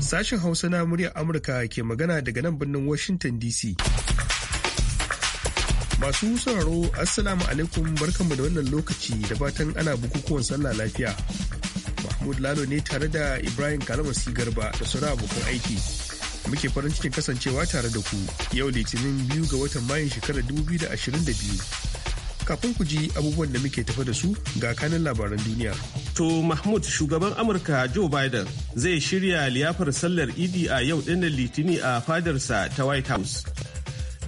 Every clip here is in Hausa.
Sashen Hausa na muryar Amurka ke magana daga nan birnin Washington DC. Masu sauraro Assalamu alaikum barkanmu da wannan lokaci da fatan ana bukukuwan sallah lafiya. Mahmud Lalo ne tare da Ibrahim Kalamasi Garba da sauran abokan aiki. muke farin cikin kasancewa tare da ku yau litinin biyu ga watan mayun shekarar 2022 kafin ku ji abubuwan da muke tafa da su ga kanin labaran duniya. To Mahmud shugaban Amurka Joe Biden zai shirya liyafar sallar idi a yau dinnan litini a fadarsa ta White House.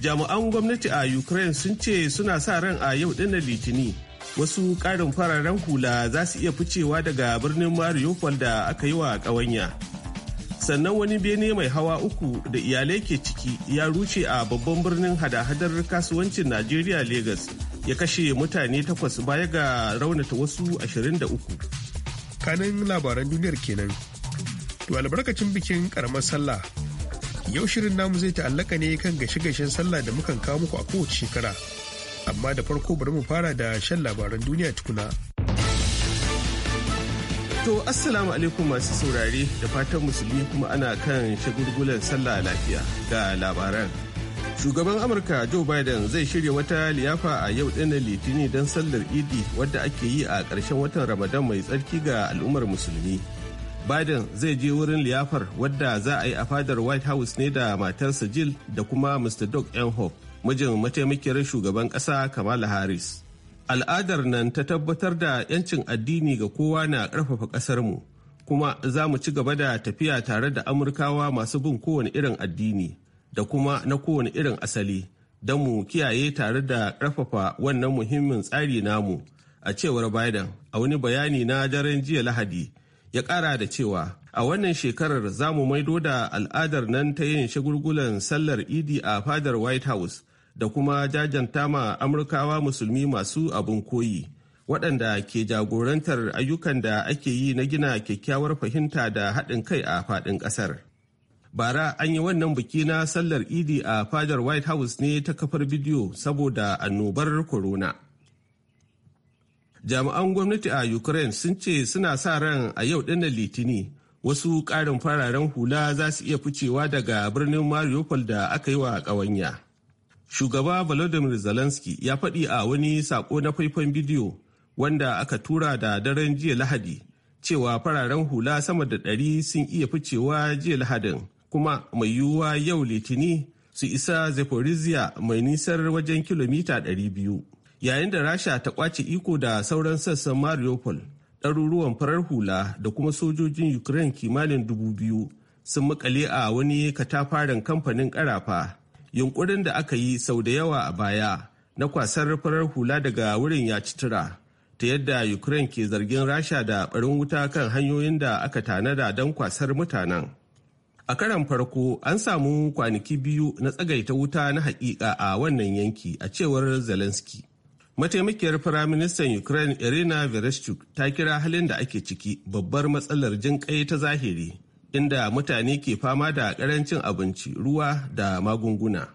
Jami'an gwamnati a Ukraine sun ce suna sa ran a yau dinnan litini wasu ƙarin fararen hula za su iya ficewa daga birnin Mariupol da aka yi wa ƙawanya. sannan wani bene mai hawa uku da iyalai ke ciki ya ruce a babban birnin hada-hadar kasuwancin najeriya lagos ya kashe mutane takwas baya ga raunata wasu 23 kanin labaran duniyar kenan to albarkacin bikin karamar sallah yau shirin namu zai ta'allaka ne kan gashe-gashen sallah da mukan kawo muku a kowace shekara amma da farko bari mu fara da shan labaran duniya tukuna. To assalamu alaikum masu saurare da fatan musulmi kuma ana kan shagulgulan sallah lafiya ga labaran. Shugaban Amurka Joe Biden zai shirya wata liyafa a yau ɗin litini don sallar idi wadda ake yi a ƙarshen watan Ramadan mai tsarki ga al'ummar musulmi. Biden zai je wurin liyafar wadda za a yi a fadar White House ne da matarsa Jill da kuma Mr. Doug Enhoff, mijin mataimakiyar shugaban ƙasa Kamala Harris. al'adar nan ta tabbatar da 'yancin addini ga kowa na ƙarfafa ƙasarmu kuma za mu ci gaba da tafiya tare da amurkawa masu bin kowane irin addini da kuma na kowane irin asali don mu kiyaye tare da ƙarfafa wannan muhimmin tsari namu a cewar biden a wani bayani na daren jiya lahadi ya ƙara da cewa a wannan shekarar za mu maido da al'adar nan ta yin shagulgulan sallar idi a fadar white house da kuma jajanta ma amurkawa musulmi masu abin koyi waɗanda ke jagorantar ayyukan da ake yi na gina kyakkyawar fahimta da haɗin kai a faɗin ƙasar. bara an yi wannan biki na sallar idi a fadar white house ne ta kafar bidiyo saboda annobar corona jami'an gwamnati a ukraine sun ce suna sa ran a yau ɗin litini wasu ƙarin fararen hula za su iya ficewa daga birnin mariupol da aka yi wa ƙawanya. shugaba volodymyr zelensky ya faɗi a wani saƙo na faifan bidiyo wanda aka tura da daren jiya lahadi cewa fararen hula sama da ɗari sun iya ficewa jiya lahadin kuma mai yiwuwa yau litini su isa zaporizhia mai nisar wajen kilomita 200 yayin da rasha ta kwace iko da sauran sassan mariupol ɗaruruwan farar hula da kuma sojojin ukraine kimanin dubu biyu sun makale a wani katafaren kamfanin karafa yunkurin da aka yi sau da yawa a baya na kwasar farar hula daga wurin ya ci tura ta yadda ukraine ke zargin rasha da barin wuta kan hanyoyin da aka tanada don kwasar mutanen a karan farko an samu kwanaki biyu na tsagaita wuta na hakika a wannan yanki a cewar zelensky mataimakiyar firaministan ukraine irina vereshchuk ta kira halin da ake ciki babbar matsalar jin ta zahiri inda mutane ke fama da ƙarancin abinci ruwa da magunguna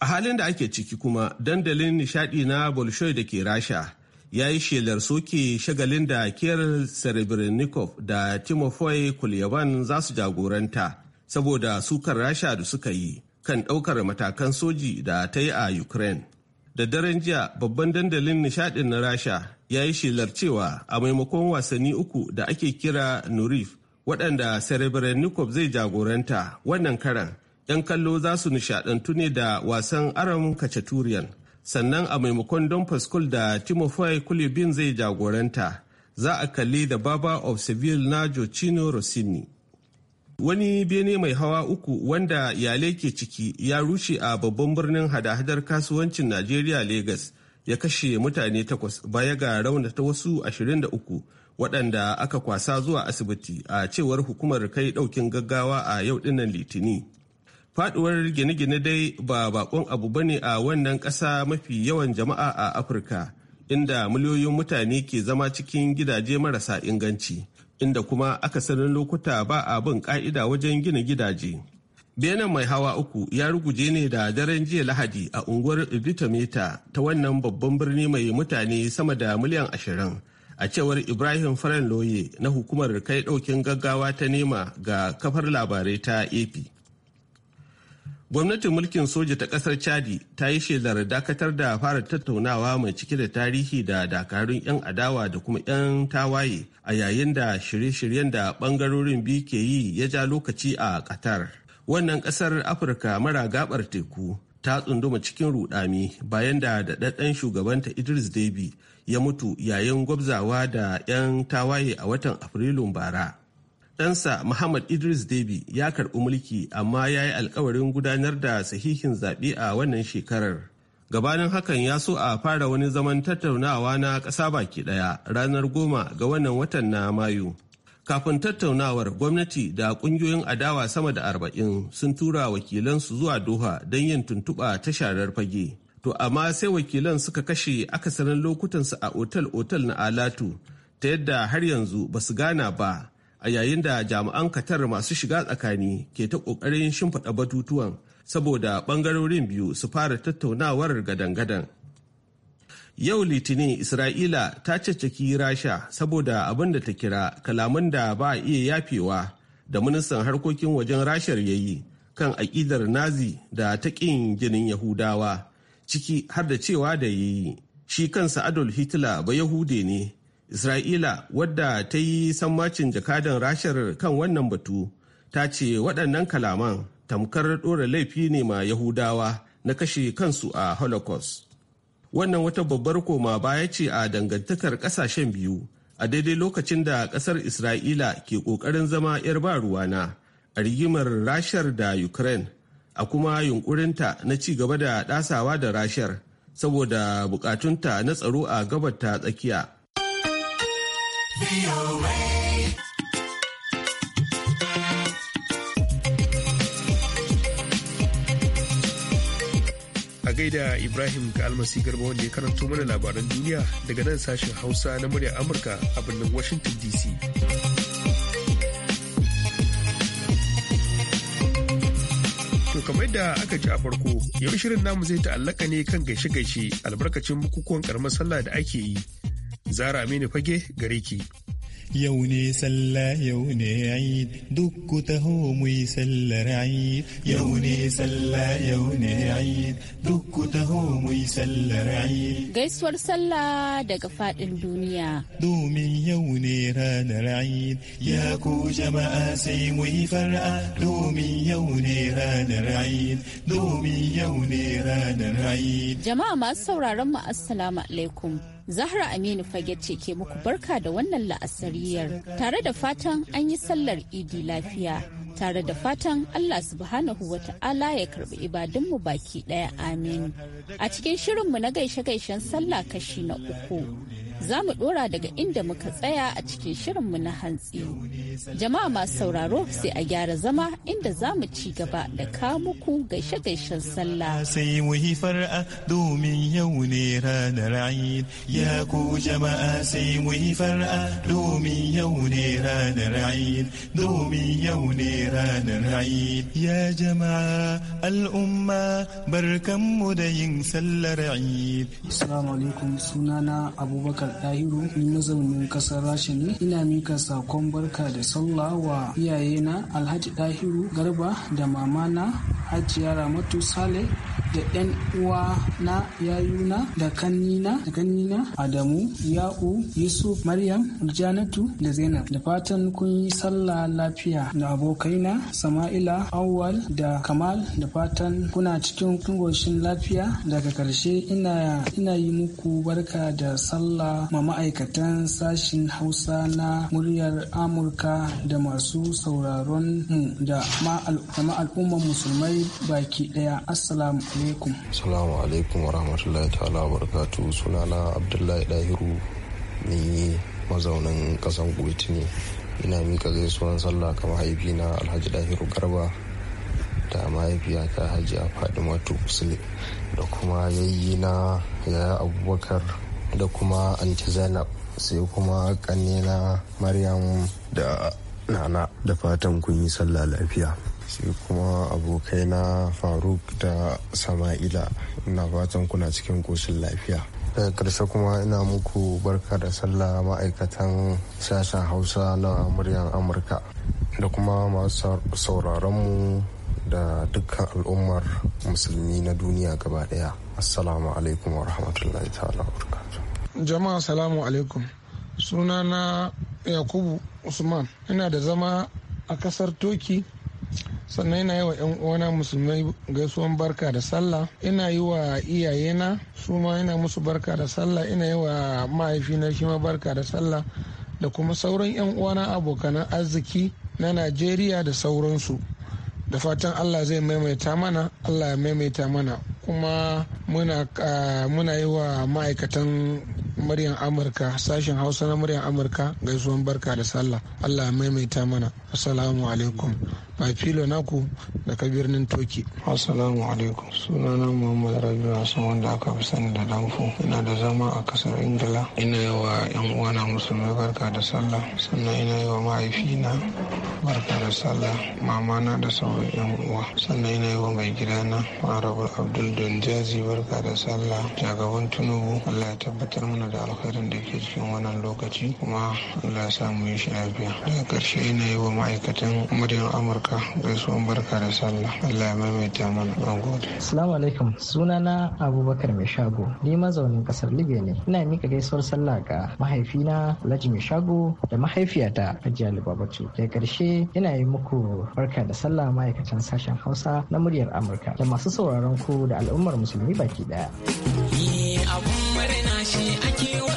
a halin da ake ciki kuma dandalin nishadi na bolshoi da ke rasha ya yi shelar soke shagalin da kiyar serebrenikov da timofey kulyaban za su jagoranta saboda sukar rasha da suka yi kan ɗaukar matakan soji da ta yi a ukraine da daren jiya babban dandalin nishadin na rasha ya yi shelar cewa a maimakon wasanni uku da ake kira nurif waɗanda nukob zai jagoranta wannan karan 'yan kallo za su nishadantu ne da wasan aram kacaturian sannan a maimakon don paskul da timofey kulibin zai jagoranta za a kalli da baba of seville na jocino rossini wani bene mai hawa uku wanda yale ke ciki ya rushe a babban birnin hada-hadar kasuwancin najeriya lagos ya kashe mutane takwas baya ga raunata wasu 23 waɗanda aka kwasa zuwa asibiti a cewar hukumar kai ɗaukin gaggawa a yau dinnan litini Faɗuwar gine-gine dai ba bakon abu bane a wannan ƙasa mafi yawan jama'a a afirka inda miliyoyin mutane ke zama cikin gidaje marasa inganci inda kuma aka sanin lokuta ba a bin ka'ida wajen gina gidaje benin mai hawa uku ya ruguje ne da daren jiya lahadi a unguwar ibitameta ta wannan babban birni mai mutane sama da miliyan ashirin a cewar ibrahim faran loye na hukumar kai daukin gaggawa ta nema ga kafar labarai ta ap gwamnatin mulkin soja ta kasar chadi ta yi shelar dakatar da fara tattaunawa mai cike da tarihi da dakarun 'yan adawa da kuma 'yan tawaye a yayin da shirye-shiryen da bangarorin biyu ke yi ya ja lokaci a qatar wannan kasar afirka mara gabar teku ta tsunduma cikin rudami bayan da daɗaɗɗen shugabanta idris debi ya mutu yayin gwabzawa da 'yan tawaye a watan Afrilun bara. Ɗansa Muhammad Idris debi ya karɓi mulki amma ya yi alkawarin gudanar da sahihin zaɓe a wannan shekarar. Gabanin hakan ya so a fara wani zaman tattaunawa na ƙasa baki ɗaya ranar goma ga wannan watan na Mayu. Kafin tattaunawar gwamnati da ƙungiyoyin adawa sama da arba'in sun tura wakilansu zuwa Doha don yin tuntuɓa ta sharar fage. To amma sai wakilan suka kashe akasarin lokutansu a otal-otal na Alatu ta yadda har yanzu ba su gana ba a yayin da jami'an katar masu shiga tsakani ke ta kokarin shimfiɗa batutuwan saboda ɓangarorin biyu su fara tattaunawar gadan-gadan. Yau Litinin Isra'ila ta caccaki Rasha saboda abin da ta kira kalaman da ba a iya yafewa da ministan harkokin wajen Rashar ya yi kan aƙidar Nazi da ta ƙin jinin Yahudawa ciki har da cewa da yi shi kansa adolf hitler ba yahude ne isra'ila wadda ta yi sammacin jakadan rashar kan wannan batu ta ce waɗannan kalaman tamkar ɗora laifi ne ma yahudawa na kashe kansu a holocaust wannan wata babbar koma baya ce a dangantakar ƙasashen biyu a daidai lokacin da ƙasar isra'ila ke ƙoƙarin zama 'yar ba ruwana a rigimar rashar da ukraine a kuma yunkurinta na ci gaba da dasawa da rashar saboda bukatunta na tsaro a gabar ta tsakiya. A gaida Ibrahim ga almasi garba wanda ya karanto mana labaran duniya daga nan sashen Hausa na murya Amurka a birnin Washington DC. kamar da aka ji a farko, yau shirin namu zai ta'allaka ne kan gaishe-gaishe albarkacin bukukuwan karamar sallah da ake yi. Zara Aminu Fage gare ki. يوني سلا يوني عيد دك تهوم يسل رعيد يوني سلا يوني عيد دك تهوم يسل رعيد جيس ورسلا دقفاء الدنيا دومي يوني ران رعيد يا كو جماعة سيمي فرأة دومي يوني ران رعيد دومي يوني ران رعيد جماعة ما السورة رمى السلام عليكم Zahra Aminu Fage ce ke muku barka da wannan la'asariyar tare da fatan an yi sallar idi lafiya tare da fatan Allah subhanahu wa ta'ala ya karbi ibadunmu baki daya amin. A cikin shirinmu na gaishe-gaishen sallah kashi na uku za mu dora daga inda muka tsaya a cikin shirinmu na hantsi. Jama'a masu sauraro sai a gyara zama inda za mu ci gaba da kamuku muku gaishe-gaishen sallah. Sai mu yi fara'a domin yau ne ranar Eid. Ya ku jama'a sai mu yi fara'a domin yau ne ranar Eid. Domin yau ne ranar Eid. Ya jama'a al'umma barkanmu da yin sallar Eid. Assalamu alaikum sunana Abubakar Abubakar Tahiru ni mazaunin kasar Rasha ne ina mika sakon barka da sallah wa iyayena Alhaji Tahiru Garba da mamana Hajiya Ramatu Sale da yan uwa na yayuna da kannina da kannina Adamu Ya'u Yusuf Maryam Janatu da Zainab da fatan kun yi sallah lafiya da abokaina Sama'ila Awwal da Kamal da fatan kuna cikin kungoshin lafiya daga karshe ina ina yi muku barka da sallah ma ma'aikatan sashin Hausa na muryar Amurka da masu sauraron mu da ma al'ummar musulmai baki ɗaya. Assalamu alaikum. Assalamu alaikum wa rahmatullahi ta'ala wa barakatu na Abdullahi Dahiru ni mazaunin kasan Kuwait ne. Ina miƙa gaisuwan sallah mahaifi na Alhaji Dahiru Garba da mahaifiya mahaifiyata hajiya fadimatu muslim da kuma yayi na yaya abubakar da kuma anti zainab sai kuma kannena maryam da nana da fatan kun yi sallah lafiya sai kuma abokaina faruk da sama'ila ina fatan kuna cikin ƙoshin lafiya daga ƙarshe kuma ina muku barka da sallah ma'aikatan sashen hausa na muryan amurka da kuma masu mu da dukkan al'ummar musulmi na duniya gaba ɗaya. assalamu alaikum wa rahmatullahi ta'ala wa jama'a assalamu alaikum sunana yakubu usman ina da zama a kasar toki sannan ina yi wa 'yan uwana musulmai gaisuwan barka da sallah ina yi wa iyayena su ma ina musu barka da sallah ina yi wa mahaifina shi ma barka da sallah da kuma sauran 'yan uwana abokanan arziki na najeriya da sauransu da fatan allah zai maimaita mana allah ya maimaita mana kuma muna yi wa ma'aikatan muryan amurka sashen hausa na muryan amurka gaisuwan barka da sallah allah ya maimaita mana assalamu alaikum a filo naku daga birnin toki assalamu alaikum sunana muhammad rabi wasu wanda aka fi sani da danfo ina da zama a kasar ingila ina yi wa yan uwana musulmi barka da sallah sannan ina yi wa mahaifina barka da sallah mamana da sauran yan uwa sannan ina yi wa mai gidana honorable abdul donjazi barka da sallah jagaban tunubu allah ya tabbatar mana da alkhairin da ke cikin wannan lokaci kuma allah ya sa mu yi shi lafiya daga karshe ina yi wa ma'aikatan muryar amurka barka gaisuwan barka da sallah Allah ya maimaita mana an gode assalamu alaikum sunana abubakar mai shago ni mazaunin kasar libya ne ina mika gaisuwar sallah ga mahaifina alhaji mai shago da mahaifiyata hajiya libabatu da karshe ina yi muku barka da sallah ma'aikatan sashen hausa na muryar amurka da masu sauraron ku da al'ummar musulmi baki daya abun murna shi ake wa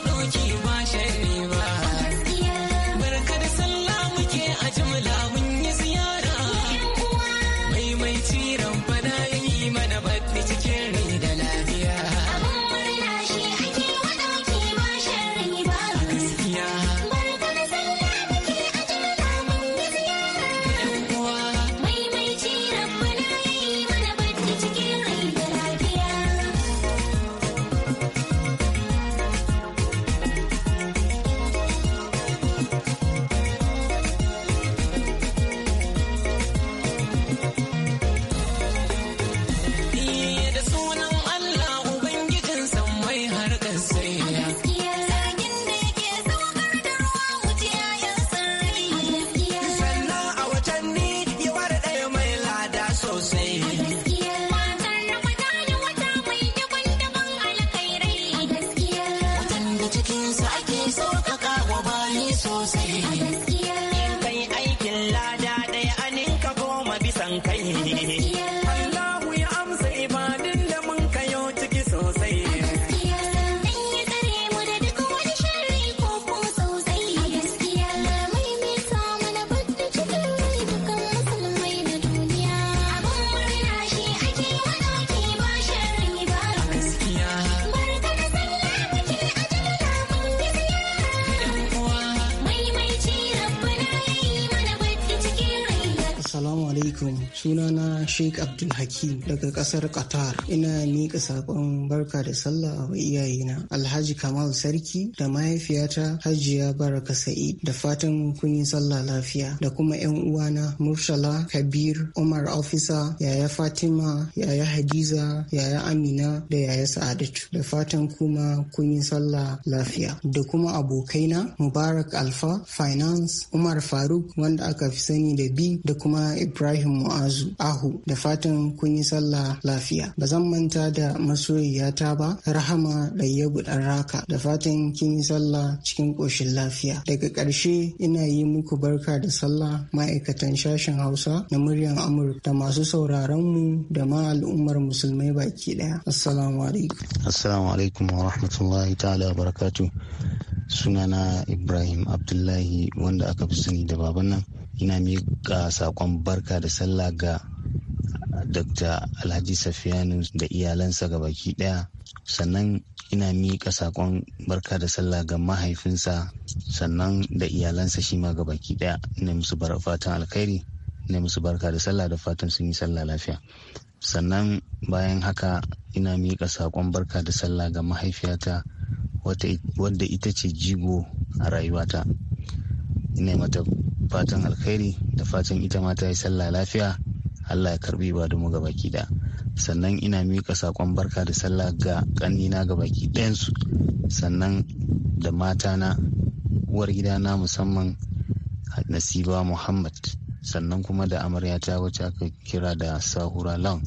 Sheikh Abdul Hakim daga kasar Qatar. Ina miƙa saƙon barka da sallah a iyayena Alhaji Kamal Sarki da mahaifiyata Hajiya Baraka Sa'i da fatan kun yi sallah lafiya da kuma ƴan uwana Murtala Kabir Umar Ofisa yaya Fatima yaya Hadiza yaya Amina da yaya Sa'adatu da fatan kuma kun yi sallah lafiya da kuma abokaina Mubarak Alfa Finance Umar Faruk wanda aka fi sani da B da kuma Ibrahim Mu'azu Ahu da fatan kun yi sallah lafiya ba zan manta da masoyiyata ba rahama ɗayyabu ɗan raka da fatan kin yi sallah cikin ƙoshin lafiya daga ƙarshe ina yi muku barka da sallah ma'aikatan sashen hausa na muryar amurka da masu sauraron mu da ma al'ummar musulmai baki ɗaya assalamu alaikum assalamu alaikum wa rahmatullahi ta'ala wa barakatu sunana ibrahim abdullahi wanda aka fi sani da baban nan ina miƙa saƙon barka da sallah ga dr alhaji safiyanu da iyalansa ga baki daya sannan ina miƙa saƙon barka da sallah ga mahaifinsa sannan da iyalansa shi ma ga baki daya ina musu fatan alkhairi ina musu barka da sallah da fatan sun yi sallah lafiya sannan bayan haka ina miƙa saƙon barka da sallah ga mahaifiyata wadda ita ce jigo a rayuwata ina mata fatan alkhairi da fatan ita ma ta yi sallah lafiya allah ya karbi ba mu ga baki da sannan ina mika saƙon barka da sallah ga ƙannina ga baki ɗayansu sannan da matana uwar na musamman nasiba muhammad sannan kuma da amaryata wacce aka kira da sahura lang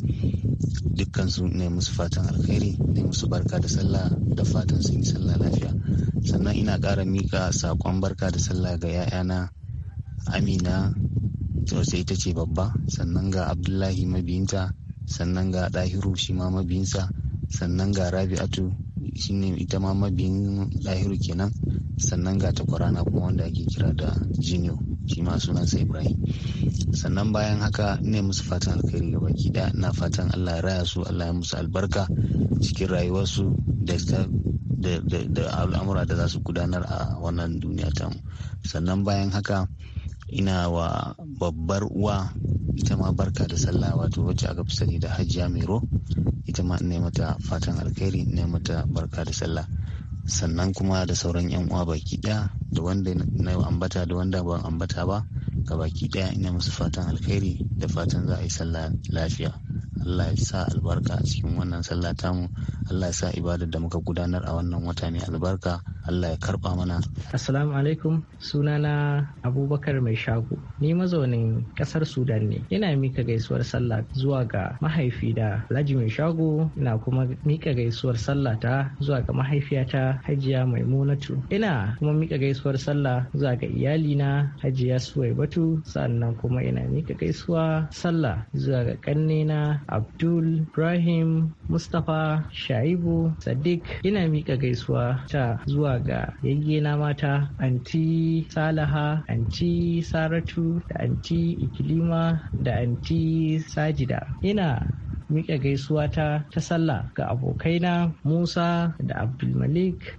dukkan su ne musu fatan alkhairi ne musu barka da sallah da fatan sun yi sallah lafiya sannan ina ƙara mika saƙon barka da sallah ga 'ya'yana amina to sai ita ce babba sannan ga abdullahi mabiyinta sannan ga dahiru shi ma mabiyinsa sannan ga rabi'atu shine ita ma mabiyin dahiru kenan sannan ga takwarana kuma wanda ake kira da jinyo shi ma sunansa ibrahim sannan bayan haka ne musu fatan alkhairi ga baki da na fatan allah ya raya su allah ya musu albarka cikin rayuwarsu da da al'amura da za su gudanar a wannan duniya tamu sannan bayan haka ina wa babbar uwa ita ma barka da sallah wato wacce aka fi sani da hajjiya mero ita ma ne mata fatan alkhairi ne mata barka da sallah sannan kuma da sauran yan uwa baki daya da wanda na ambata da wanda ban ambata ba ga baki daya ina musu fatan alkhairi da fatan za a yi sallah lafiya Allah ya sa albarka a cikin wannan sallah tamu Allah ya sa ibadar da muka gudanar a wannan wata mai albarka Allah ya karba mana. Assalamu alaikum sunana Abubakar mai shago ni mazaunin kasar Sudan ne ina mika gaisuwar sallah zuwa ga mahaifi da Alhaji mai shago ina kuma mika gaisuwar sallah ta zuwa ga mahaifiyata Hajiya Mai Maimunatu ina kuma mika gaisuwar sallah zuwa ga iyalina Hajiya Suwaibatu sannan kuma ina mika gaisuwa sallah zuwa ga kannena Abdul Ibrahim Mustapha Shaibu Sadiq ina mika gaisuwa ta zuwa zuwa ga na mata anti salaha anti saratu da anti ikilima da anti sajida ina miƙa gaisuwa ta ta sallah ga abokaina Musa da Abdulmalik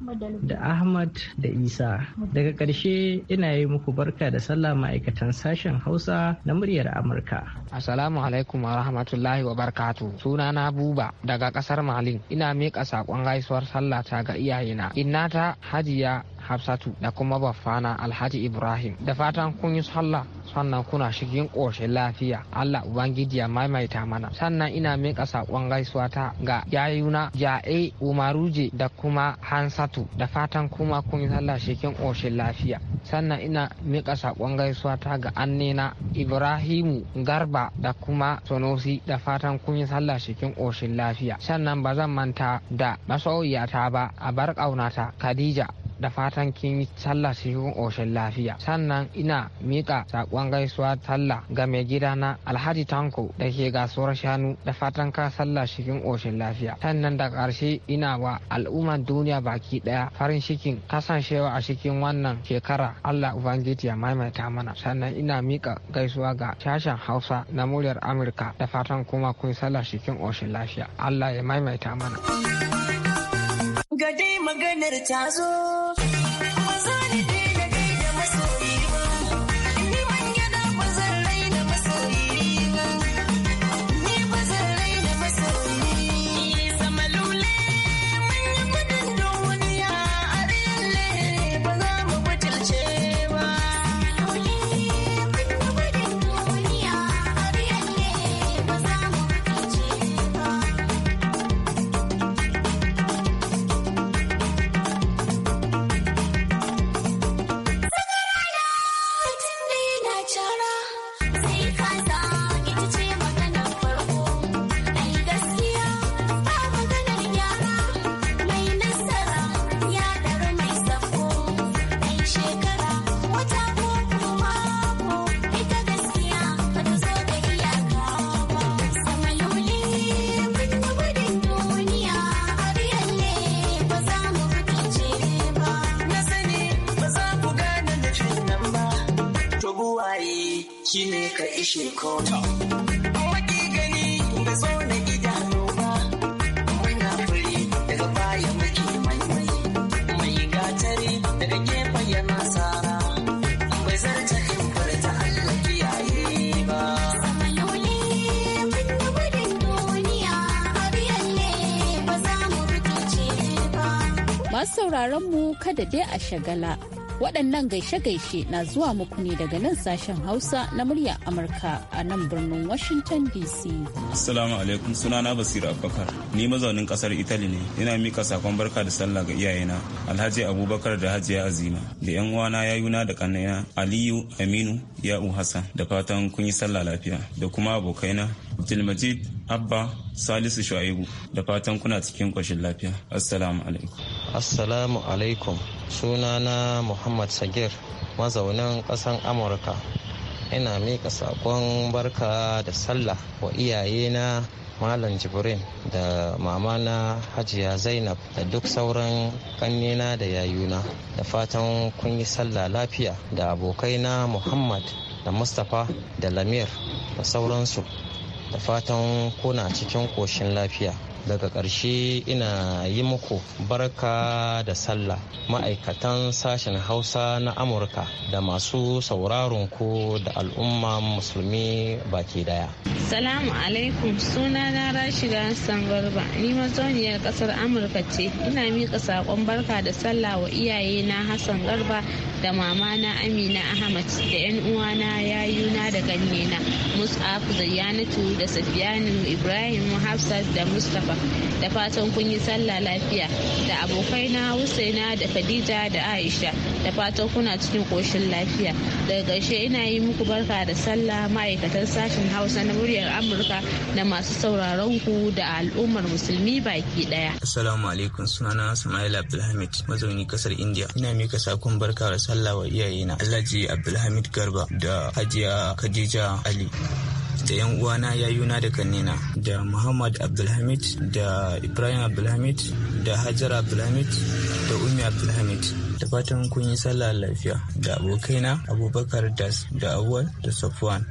da Ahmad da Isa. Daga ƙarshe ina yi muku barka da sallah ma'aikatan sashen Hausa na muryar Amurka. Assalamu alaikum wa rahmatullahi wa barkatu. na Buba daga ƙasar Malin. Ina miƙa saƙon gaisuwar sallah ta ga iyayena. Inna ta Hajiya Hafsatu da kuma baffana Alhaji Ibrahim. Da fatan kun yi sallah sannan kuna shigin ƙoshin lafiya. Allah Ubangiji ya maimaita mana. Sannan ina mika sakon gaisuwa ta ga yayuna ja'e umaruje da kuma hansatu da fatan kuma kun yi sallah shekin oshin lafiya sannan ina mika sakon gaisuwa ta ga annena ibrahimu garba da kuma sonosi da fatan kun yi sallah shekin oshin lafiya sannan ba zan manta da masoyiyata ba a bar ƙaunata khadija da fatan kin yi sallah cikin ƙoshin lafiya sannan ina miƙa saƙon gaisuwa sallah ga mai gida na alhaji tanko da ke gasuwar shanu da fatan ka sallah cikin ƙoshin lafiya sannan da ƙarshe ina wa al'umman duniya baki ɗaya farin cikin kasancewa a cikin wannan shekara allah ubangiji ya maimaita mana sannan ina miƙa gaisuwa ga sashen hausa na muryar amurka da fatan kuma kun sallah cikin ƙoshin lafiya allah ya maimaita mana. Gade maganar ta zo. Masu sauraron mu kada dai a shagala. Waɗannan gaishe-gaishe na zuwa muku ne daga nan sashen Hausa na murya Amurka a nan birnin Washington DC. Assalamu alaikum sunana Basiru Abubakar. Ni mazaunin kasar Italy ne. Ina mika sakon barka da sallah ga iyayena Alhaji Abubakar da Hajiya Azima da 'yan uwana yayuna da ƙannena Aliyu Aminu Ya'u Hassan da fatan kun yi sallah lafiya da kuma abokaina Abdulmajid Abba Salisu Shu'aibu da fatan kuna cikin ƙoshin lafiya. Assalamu alaikum. Assalamu alaikum. suna na Muhammad Sagir, mazaunin ƙasan Amurka. Ina miƙa saƙon barka da sallah wa iyayena Malam Jibrin da mamana Hajiya Zainab da duk sauran ƙannena da yayuna. Da fatan kun yi sallah lafiya da abokaina Muhammad da Mustapha da Lamir da sauransu. da fatan kuna cikin koshin lafiya daga ƙarshe ina yi muku barka da sallah ma'aikatan sashen hausa na amurka da masu sauraron ku da al'umma musulmi baki daya salamu alaikum suna na rashida hassan garba ni mazauniyar kasar amurka ce ina miƙa saƙon barka da sallah wa iyaye na hassan garba da mama na amina ahmad da yan uwana yayuna da musa mus'af zayyanatu da safiyanu ibrahim hafsat da mustapha ba da fatan kun yi sallah lafiya da abokaina husaina da khadija da aisha da fatan kuna cikin koshin lafiya daga ƙarshe ina yi muku barka da sallah ma'aikatan sashen hausa na muryar amurka da masu sauraron ku da al'ummar musulmi baki ɗaya. assalamu alaikum sunana sama'ila abdulhamid mazauni kasar india ina mika sakon barka da sallah wa iyayena alhaji abdulhamid garba da hajiya khadija ali da yan uwana yayuna da kanina da muhammad abdulhamid da ibrahim abdulhamid da hajar abdulhamid da umi abdulhamid da fatan kun yi sallah lafiya da abokaina abubakar das da awal da safwan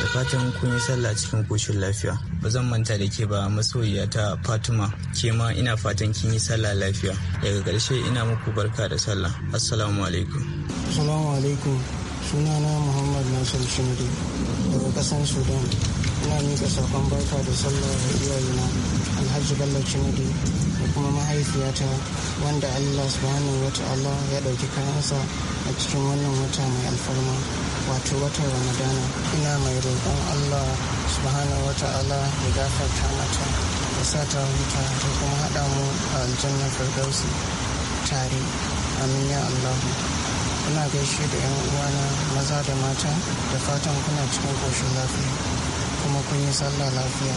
da fatan kun yi sallah cikin koshin lafiya ba zan manta da ke ba masoyiya ta fatima ke ma ina fatan kin yi sallah lafiya daga karshe ina muku barka da sallah assalamu alaikum assalamu alaikum sunana muhammad nasir shimri daga kasan sudan ina miƙa sakon barka da sallah da iyayena alhaji bello shimri da kuma mahaifiyata wanda allah subhanahu wa ta'ala ya ɗauki kayansa a cikin wannan wata mai alfarma wato watan ramadana ina mai roƙon allah subhanahu wa ta'ala ya gafarta mata ya sa ta huta ta kuma haɗa mu a aljannar firdausi tare amin ya allahu Kuna gaishe da 'yan uwana maza da mata da fatan kuna cikin koshin lafiya kuma kun yi sallah lafiya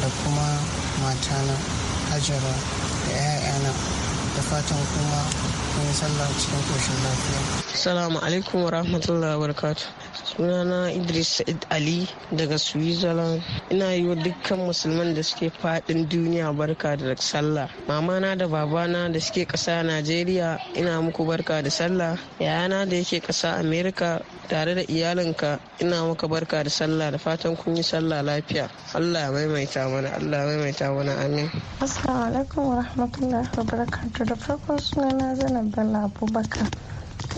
da kuma matana hajara da 'ya'yana da fatan kuma kun yi sallah cikin koshin lafiya. Salamu alaikum wa rahmatullahi wa sunana idris ali daga switzerland ina yi wa dukkan musulman da suke fadin duniya barka da sallah mamana da babana da suke ƙasa najeriya ina muku barka da sallah yayana da yake kasa america tare da iyalinka ina maka barka da sallah da fatan kun yi sallah lafiya allah maimaita mana allah maimaita mana amin assalamu alaikum wa rahmatullahi wa barakatuh da farko sunana zainab bala abubakar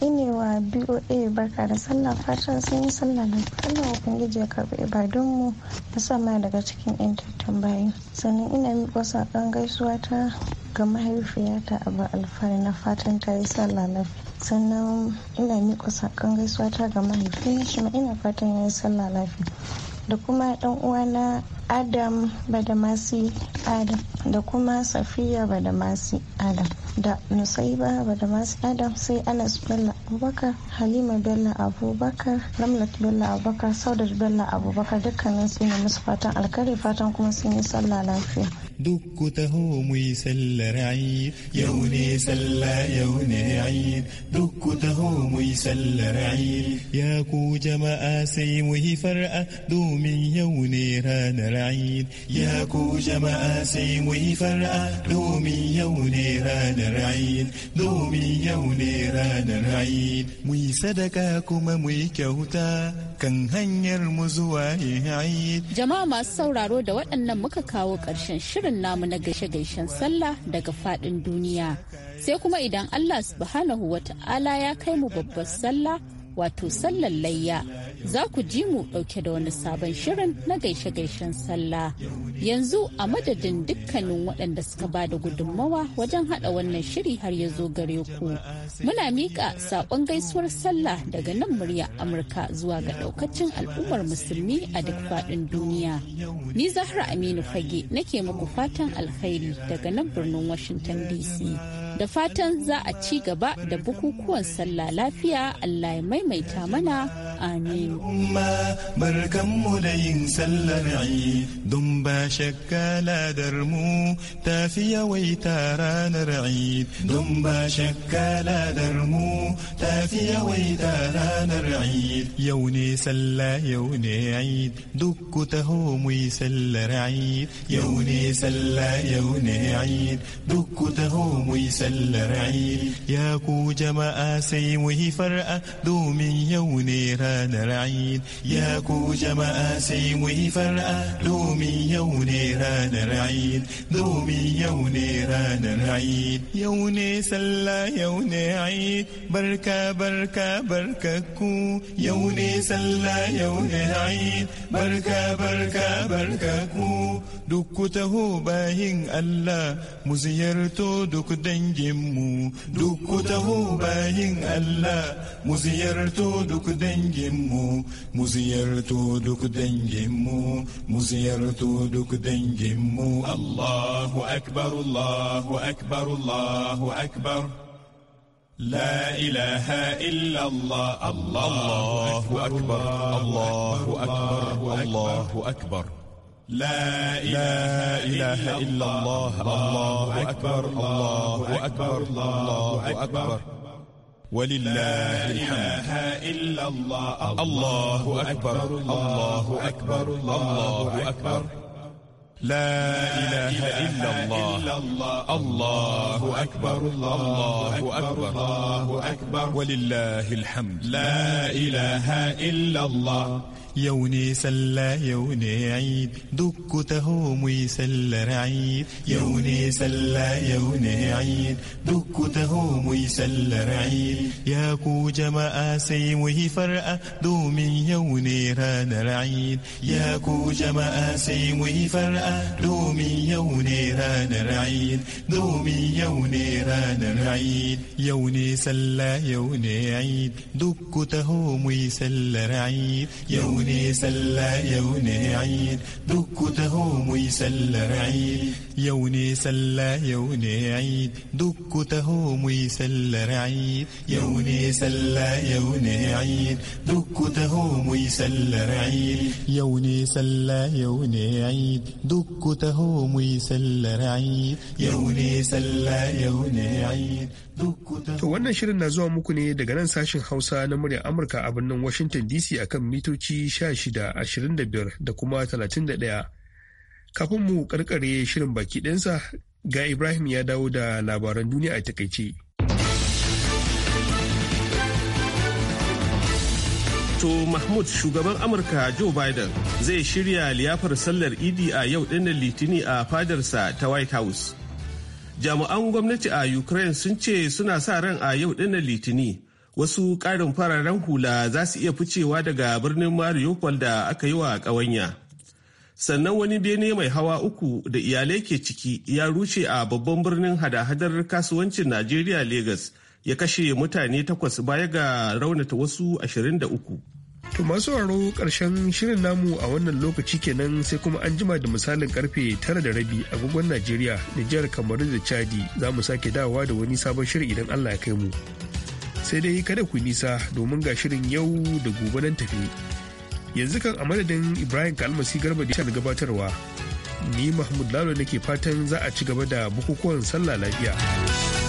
ine wa BOA barka da sallah fatan sun yi sallah da Allah Ubangiji ya karbi ibadunmu musamman daga cikin 'yan tattambayi. Sannan ina miƙa saƙon gaisuwa ta ga mahaifiyata abu alfari na fatan ta yi sallah lafiya. Sannan ina miƙa saƙon gaisuwa ta ga mahaifiyata shi ma ina fatan ya yi sallah lafiya. da kuma dan uwana adam badamasi adam da kuma safiya badamasi adam da nusaiba badamasi adam sai anas bella abubakar halima bello abubakar ramlat bello abubakar saudar bello abubakar dukkanin su ne musu fatan alkari fatan kuma sun yi sallah lafiya duk ku taho mu yi sallah yau ne ayi duk ku taho mu jama'a sai mu yi far'a domin yau ranar ayi ya jama'a sai mu yi domin ranar domin ranar yi sadaka kuma mu yi kyauta kan hanyar mu zuwa ayi jama'a masu sauraro da waɗannan muka kawo ƙarshen shirin shirin namu na gaishe-gaishen sallah daga faɗin duniya. Sai kuma idan Allah subhanahu wa ta'ala ya kai mu babbar sallah wato sallar layya za ku ji mu dauke da wani sabon shirin na gaishe-gaishen sallah yanzu a madadin dukkanin waɗanda suka ba da gudunmawa wajen haɗa wannan shiri har ya zo gare ku muna miƙa saƙon gaisuwar sallah daga nan murya amurka zuwa ga ɗaukacin al'ummar musulmi a duk faɗin duniya ni zahra aminu fage nake muku fatan alkhairi daga nan birnin washington dc da fatan za a ci gaba da bukukuwan sallah lafiya allah ya maimaita mana amin barkanmu da yin sallar Eid don ba shakka ladar mu ta fi yawaita ranar eid don ba shakka ladar mu ta fi yawaita ranar eid yau ne sallah yau ne eid duk ku taho mu yi sallar eid yau ne sallah yau ne eid duk ku taho mu yi sallar ayi ya ku jama'a sai mu yi far'a domin yau ne ranar ayi ya ku jama'a sai mu yi far'a domin yau ne ranar ayi domin yau ne ranar ayi yau ne sallah yau ne ayi barka barka barka ku yau ne sallah yau ne ayi barka barka barka ku duk ku taho bayin Allah mu ziyarto duk dangi danginmu duk ku bayin Allah mu ziyarto duk danginmu mu ziyarto duk danginmu mu ziyarto duk danginmu Allahu akbar Allahu akbar Allahu akbar لا إله إلا الله الله أكبر الله أكبر الله أكبر الله أكبر, الله أكبر لا إله, إله إلا الله الله أكبر الله أكبر الله أكبر ولله الحمد إلا الله الله أكبر الله أكبر الله أكبر لا إله إلا الله الله أكبر الله أكبر الله أكبر ولله الحمد لا إله إلا الله يوني سلا يوني عيد دك تهوم يسل رعيد يوني سلا يوني عيد دك تهوم يسل رعيد يا كو جما آسي وهي فرقة دوم يوني ران رعيد يا كو جما آسي وهي فرقة دوم يوني ران رعيد دوم يوني ران رعيد يوني سلا يوني عيد دك تهوم يسل رعيد يوني يوني سلا يوني عيد دك تهوم يسلا عيد يوني سلا يوني عيد دك تهوم يسلا عيد يوني سلا يوني عيد دك تهوم يسلا عيد يوني سلا يوني عيد دك تهوم يسلا عيد يوني سلا يوني عيد To wannan shirin na zuwa muku ne daga nan sashin Hausa na muryar Amurka a birnin Washington DC akan mitoci 16, 25 da kuma 31. Kafin mu karkare shirin baki ɗinsa ga Ibrahim ya dawo da labaran duniya a takaice. To Mahmud shugaban Amurka Joe Biden zai shirya liyafar sallar Idi a yau dinnan Litini a fadarsa ta White House. jami'an gwamnati a ukraine sun ce suna sa ran a yau dinnan litini wasu ƙarin fararen hula za su iya ficewa daga birnin mariupol da aka yi wa ƙawanya sannan wani bene mai hawa uku da iyalai ke ciki ya rushe a babban birnin hada-hadar kasuwancin najeriya lagos ya kashe mutane takwas baya ga raunata wasu 23 To masu sauraro ƙarshen shirin namu a wannan lokaci kenan sai kuma an jima da misalin karfe tara da rabi agogon Najeriya, Nijar, Kamaru da Chadi za mu sake dawowa da wani sabon shirin idan Allah ya kai mu. Sai dai kada ku nisa domin ga shirin yau da gobe nan tafi. Yanzu kan a madadin Ibrahim Kalmasi Garba da gabatarwa. Ni Mahmud Lalo nake fatan za a ci gaba da bukukuwan sallah lafiya.